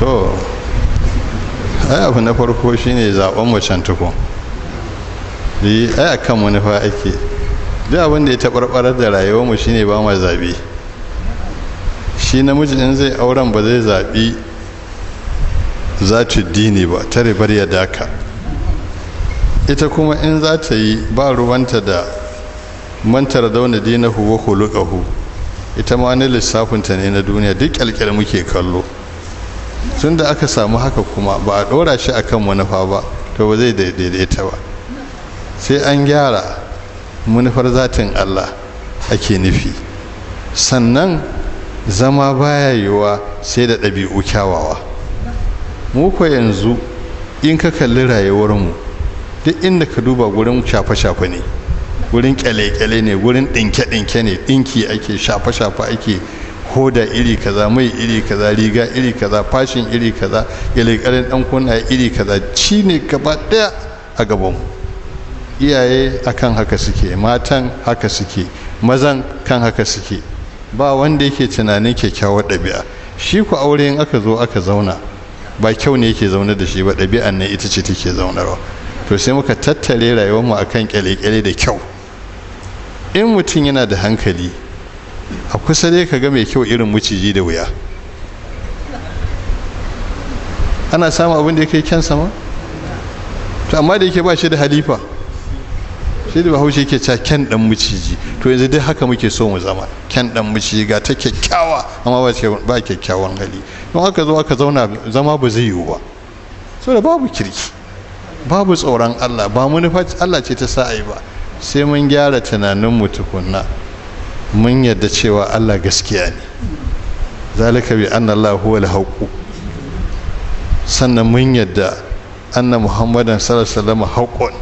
to ai abu na farko shine zaben macen tuko yi ai kan manufa ake duk abin da ya taɓarɓarar da rayuwar mu shine ba ma zaɓi. shi namiji in zai auren ba zai zaɓi za ta dini ba ta ribar ya daka ita kuma in za ta yi ba ruwanta da mantar dauna dina wa hulukahu ita ma wani lissafinta ne na duniya duk kyalkyal muke kallo tun da aka samu haka kuma ba a ɗora shi a kan manufa ba to ba zai daidaita ba sai an gyara manufar zatin allah ake nufi sannan zama baya yiwuwa sai da ɗabi'u kyawawa mu ko yanzu in ka kalli rayuwarmu duk inda ka duba gurin shafe-shafe ne gurin kyale-kyale ne gurin ɗinke-ɗinke ne ɗinki ake shafe-shafe ake hoda iri kaza mai iri kaza riga iri kaza fashin iri kaza yalikarin dan kunna iri kaza ci ne gaba daya a gaban iyaye akan haka suke matan haka suke mazan kan haka suke ba wanda yake tunanin kyakkyawar ɗabi'a shi ku aure in aka zo aka zauna ba kyau ne yake zaune da shi ba ɗabi'an nan ita ce take zaunarwa to sai muka tattare rayuwar mu akan kyale-kyale da kyau in mutum yana da hankali a kusa ne ka ga mai kyau irin muciji da wuya ana samun abin da ya kai kyan sama to amma da yake ba shi da halifa shi da bahaushe yake ca kyan dan maciji to yanzu dai haka muke so mu zama kyan dan muciji ga ta kyakkyawa amma ba kyakkyawan hali don haka zo aka zauna zama ba zai yiwu ba da babu kirki babu tsoron Allah ba manufa Allah ce ta sa ba sai mun gyara tunanin mu tukunna mun yarda cewa Allah gaskiya ne zalika bi anna Allah huwa al sannan mun yarda anna Muhammadan sallallahu alaihi wasallam haqqun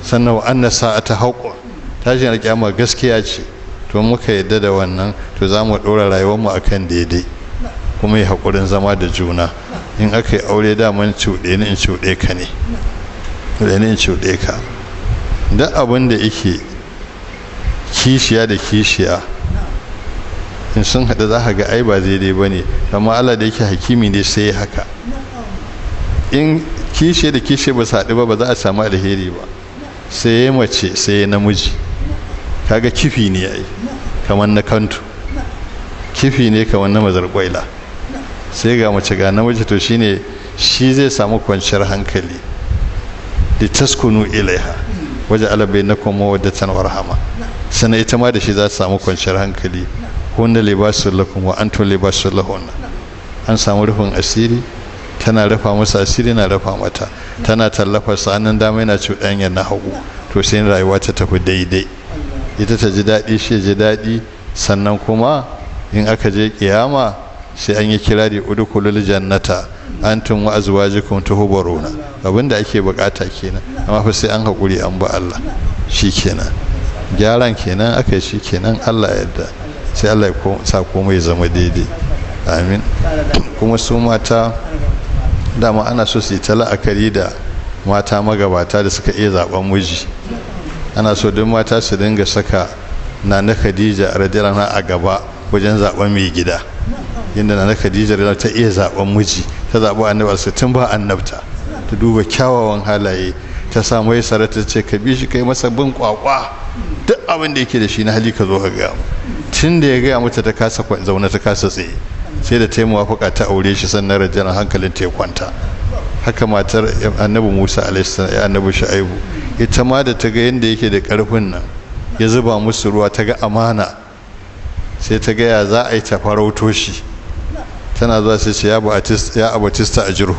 sannan wa anna sa'ata haqqun tashin alƙiyama gaskiya ce to muka yarda da wannan to za mu ɗora rayuwarmu akan daidai kuma yi haƙurin zama da juna in aka yi aure daman cuɗe ni in cuɗe ka ne da ni in cuɗe ka duk abin da yake kishiya da kishiya in sun haɗu za ka ga ai ba dai ba ne amma allah da yake hakimi ne sai ya haka in kishiya da kishiya ba su haɗu ba ba za a samu alheri ba sai ya mace sai ya namiji kaga kifi ne ya yi kamar na kantu kifi ne kamar na mazarkwaila sai ga mace ga namiji to shine shi zai samu kwanciyar hankali da taskunu ilaiha waje alabai na kuma wadda tanwar hama Sana ita ma da shi za ta samu kwanciyar hankali hunna libasun lakum wa antum libasun lahunna an samu rufin asiri tana rafa masa asiri na rafa mata tana tallafa sa nan dama yana yan na hagu to sai rayuwa ta tafi daidai ita ta ji daɗi shi ji daɗi sannan kuma in aka je kiyama sai an yi kirari udkhulul jannata antum wa azwajukum tuhbaruna abinda ake bukata kenan amma fa sai an hakuri an ba Allah shikenan gyaran kenan aka yi shi kenan allah yadda sai allah ya sa komai ya zama daidai amin kuma su mata dama ana so su yi a kari da mata magabata da suka iya zaben miji ana so don mata su dinga saka na na khadija radiyallahu a gaba wajen zaben mai gida inda na na khadija radiyallahu ta iya zaben miji ta zaɓi annabta tun ba annabta ta duba kyawawan halaye ta samu ya ta ce ka bi shi kai masa bin kwakwa duk abin da yake da shi na hali ka zo ka gaya mu tun da ya gaya mata ta kasa zauna ta kasa tsaye sai da ta yi muwafaka ta aure shi sannan rajanar hankalin ta ya kwanta haka matar annabi musa alaihissalam ya annabi shu'aibu ita ma da ta ga yadda yake da karfin nan ya zuba musu ruwa ta ga amana sai ta gaya za a yi ta farauto shi tana za su ce ya abatista a jiro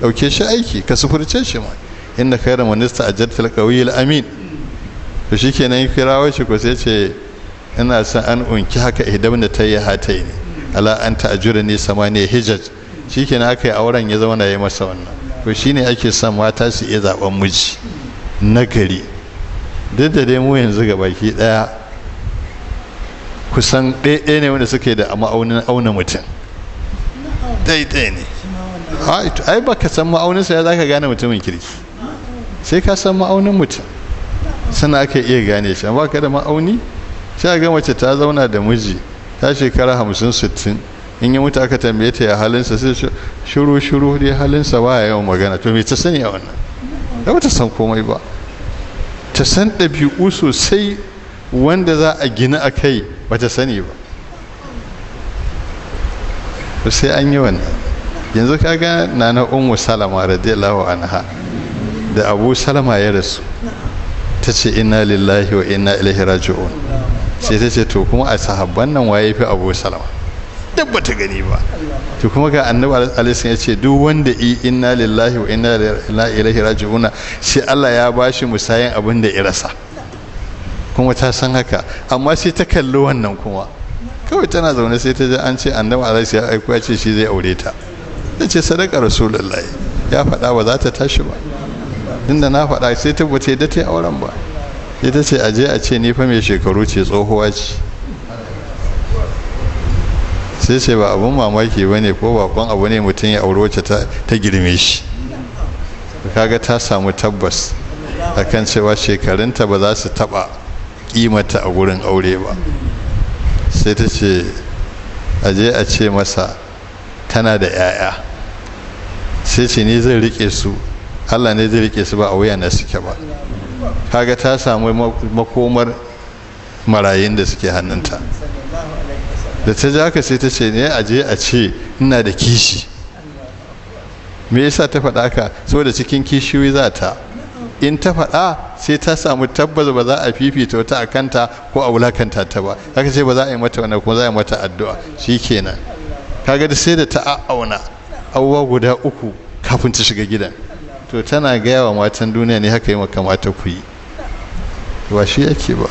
dauke shi aiki ka sufurce shi ma inna da minista a fil qawiyil amin to shikenan kirawo shi ko sai ce ina san an unki haka idan da ta yi hatai ne ala an ta'jura ne samaniya hijaj shikenan aka yi auren ya zama na yi masa wannan to shine ake son mata su iya zaben miji nagari duk da dai mu yanzu ga baki daya kusan ɗaya ne wanda suke da ma'aunin auna mutum ɗaya ne ai baka san ma'auninsa ya zaka gane mutumin kirki sai ka san ma'aunin mutum sana aka iya gane shi amma ka da ma'auni sai ga mace ta zauna da miji ta shekara hamsin sittin in yi mutu aka tambaye ta ya halinsa sai shuru shuru dai halinsa ba ya yawan magana to me ta sani a wannan ba ta san komai ba ta san ɗabi'u sosai wanda za a gina a kai ba ta sani ba sai an yi wannan yanzu kaga na na ummu salama radiyallahu anha da abu salama ya rasu ta ce ina lillahi wa ina ilahi raji'un sai ta ce to kuma a sahabban nan waye fi abu salama dabba ta gani ba to kuma ga annabi alaihi ya ce duk wanda i inna lillahi wa inna ilaihi raji'un sai Allah ya bashi musayin abin da irasa rasa kuma ta san haka amma sai ta kalli wannan kuma kawai tana zaune sai ta ji an ce annabi alaihi ya aiko ya ce shi zai aure ta ta ce sadaka rasulullahi ya faɗa ba za ta tashi ba tunda na faɗa sai ta bace da ta auren ba ta ce aje a ce ni fa mai shekaru ce tsohuwa ce sai ce ba abun mamaki ba ne ko bakon abu ne mutum ya auri wacce ta girme shi kaga ta samu tabbas a kan cewa shekarunta ba za su taɓa ƙimata a gurin aure ba sai ta ce aje a ce masa tana da 'ya'ya sai ce ni zai rike su Allah ne zai rike su ba a wuya na suke ba kaga ta samu makomar marayun da suke hannunta da ta ja ka sai ta ce ne aje a ce ina da kishi me yasa ta faɗa ka saboda cikin kishiyoyi za ta in ta faɗa sai ta samu tabbas ba za a fifita wata a kanta ko a wulakanta ta ba haka ce ba za a yi mata wannan kuma za a yi mata addu'a shi kenan kaga da sai da ta a'auna abubuwa guda uku kafin ta shiga gidan to tana gaya wa matan duniya ne haka yi makamata ku yi ba shi yake ba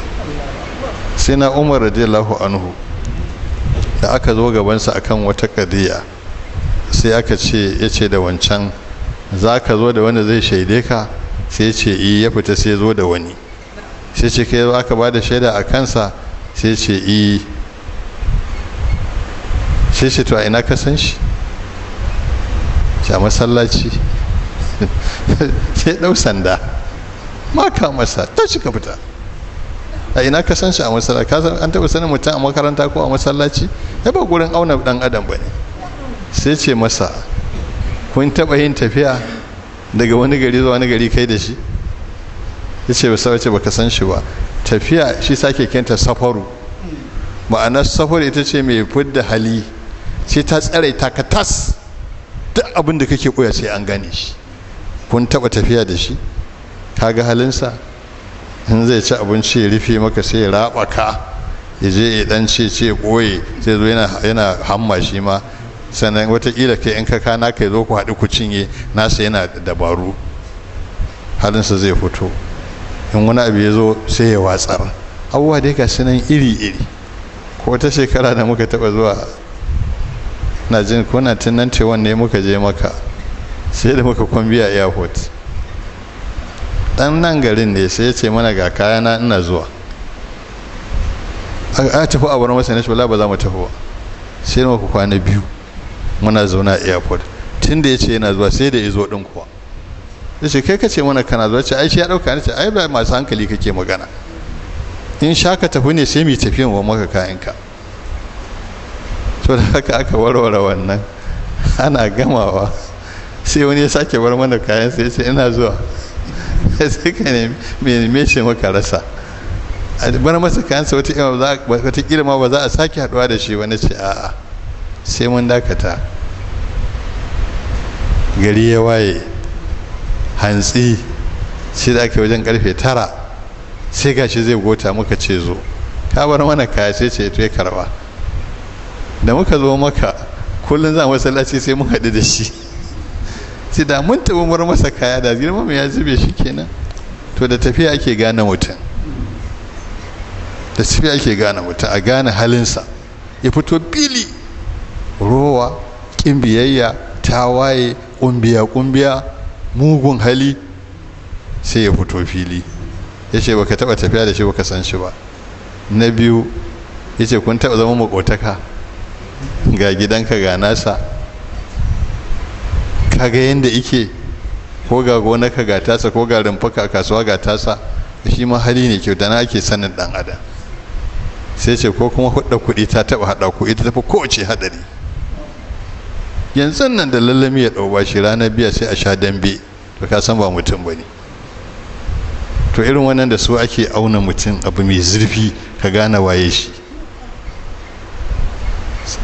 sai na umar radiyallahu anhu da aka zo gabansa akan wata kadiya sai aka ce ya ce da wancan za ka zo da wanda zai shaide ka sai ce yi eh, ya fita sai zo da wani sai ce kai za ka ba da shaida a kansa sai ce yi eh. sai ce to a ina ka san shi a masallaci sai ɗau sanda maka masa ta shiga fita a ina ka san shi a masallaci ka san an taɓa sanin mutum a makaranta ko a masallaci ya ba gurin auna ɗan adam ba ne sai ce masa kun taɓa yin tafiya daga wani gari zuwa wani gari kai da shi ya ce basa wace baka san shi ba tafiya shi sake kenta safaru ma'anar safaru ita ce mai fidda hali sai ta tsare ta ka tas duk abin da kake koya sai an gane shi kun taba tafiya da shi kaga halinsa in zai ci abinci ya rufe maka sai ya raba ka ya je ya dan ce ce koye sai zo yana yana hamma shi ma sannan watakila kai in ka kana kai zo ku haɗu ku cinye nasa yana dabaru halinsa zai fito in wani abu ya zo sai ya watsar abubuwa dai ga sunan iri-iri ko ta shekara da muka taba zuwa na jin kuna tunan tewan ne muka je maka sai da muka kwambi a airport dan nan garin ne sai ya ce mana ga kayana ina zuwa a tafi a wani masa na shi ba za mu tafi ba sai muka kwana biyu muna zauna a airport tun da ya ce yana zuwa sai da ya zo ɗin kuwa ya ce kai ka ce mana kana zuwa ce ai ya ɗauka ne ce ai ba masu hankali kake magana in sha ka tafi ne sai mu tafi mu maka kayanka to da haka aka warware wannan ana gamawa sai wani ya sake bar mana kayan sai sai ina zuwa sai ka mai shi maka rasa a bar masa kayansa wata ma ba za a sake haɗuwa da shi wani ce a'a sai mun dakata gari ya waye hantsi sai da ake wajen karfe tara sai gashi zai gota muka ce zo ka bar mana kaya sai ce to ya karba da muka zo maka kullum za masallaci sai mun haɗu da shi sai da mun taɓa mur masa kaya da girman ya zube shi kenan to da tafiya ake gane mutum da tafiya ake gane mutum a gane halinsa ya fito bili rowa ƙin biyayya tawaye ƙumbiya ƙumbiya mugun hali sai ya fito fili ya ce baka taɓa tafiya da shi baka san shi ba na biyu ya ce kun taba zama makotaka ga gidanka ga nasa kaga yadda ike ko ga gonaka ga tasa ko ga rumfuka kasuwa ga tasa shi ma hali ne kyau na ake sanin dan adam sai ce ko kuma hudda kuɗi ta taba haɗa ku ita tafi kowace haɗari yanzu nan da lallami ya dauba shi ranar biya sai a sha dambe to ka san ba mutum ba ne to irin wannan da su ake auna mutum abu mai zurfi ka gane waye shi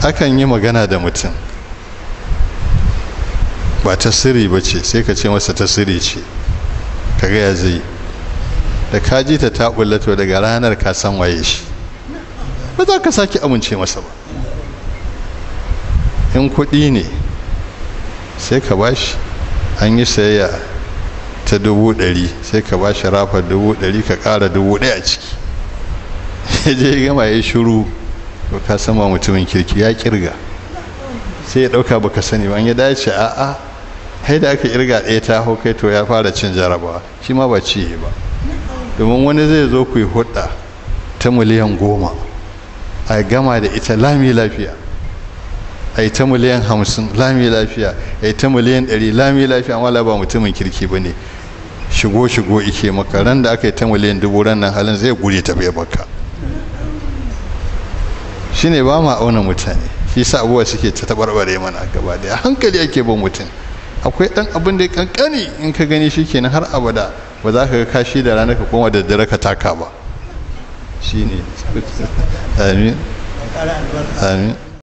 akan yi magana da mutum ba ta sirri ba ce sai ka ce masa ta sirri ce ka gaya zai da ka ji ta taɓullato daga ranar ka san waye shi ba za ka sake amince masa ba in kuɗi ne sai ka bashi an yi sayayya ta dubu ɗari sai ka ba shi rafa dubu ɗari ka ƙara dubu ɗaya a ciki ya je gama ya shuru Ba ka san ba mutumin kirki ya kirga sai ya ɗauka ba ka sani ba an ya dace a'a hai da aka irga ɗaya ta hau kai to ya fara cin jarabawa shi ma ba ci ba domin wani zai zo ku yi hudda ta miliyan goma a gama da ita lami lafiya a yi ta miliyan hamsin lami lafiya a yi ta miliyan ɗari lami lafiya amma ba mutumin kirki ba ne shigo shigo ike maka ran da aka yi ta miliyan dubu ran nan halin zai gure ta bai baka shine ba ma auna mutane shi sa abubuwa suke ta tabarbare mana gaba daya hankali ake bin mutum akwai ɗan abin da ya ƙanƙani in ka gani shi kenan har abada ba za ka ga kashi da ranar ka koma da dare ka taka ba amin amin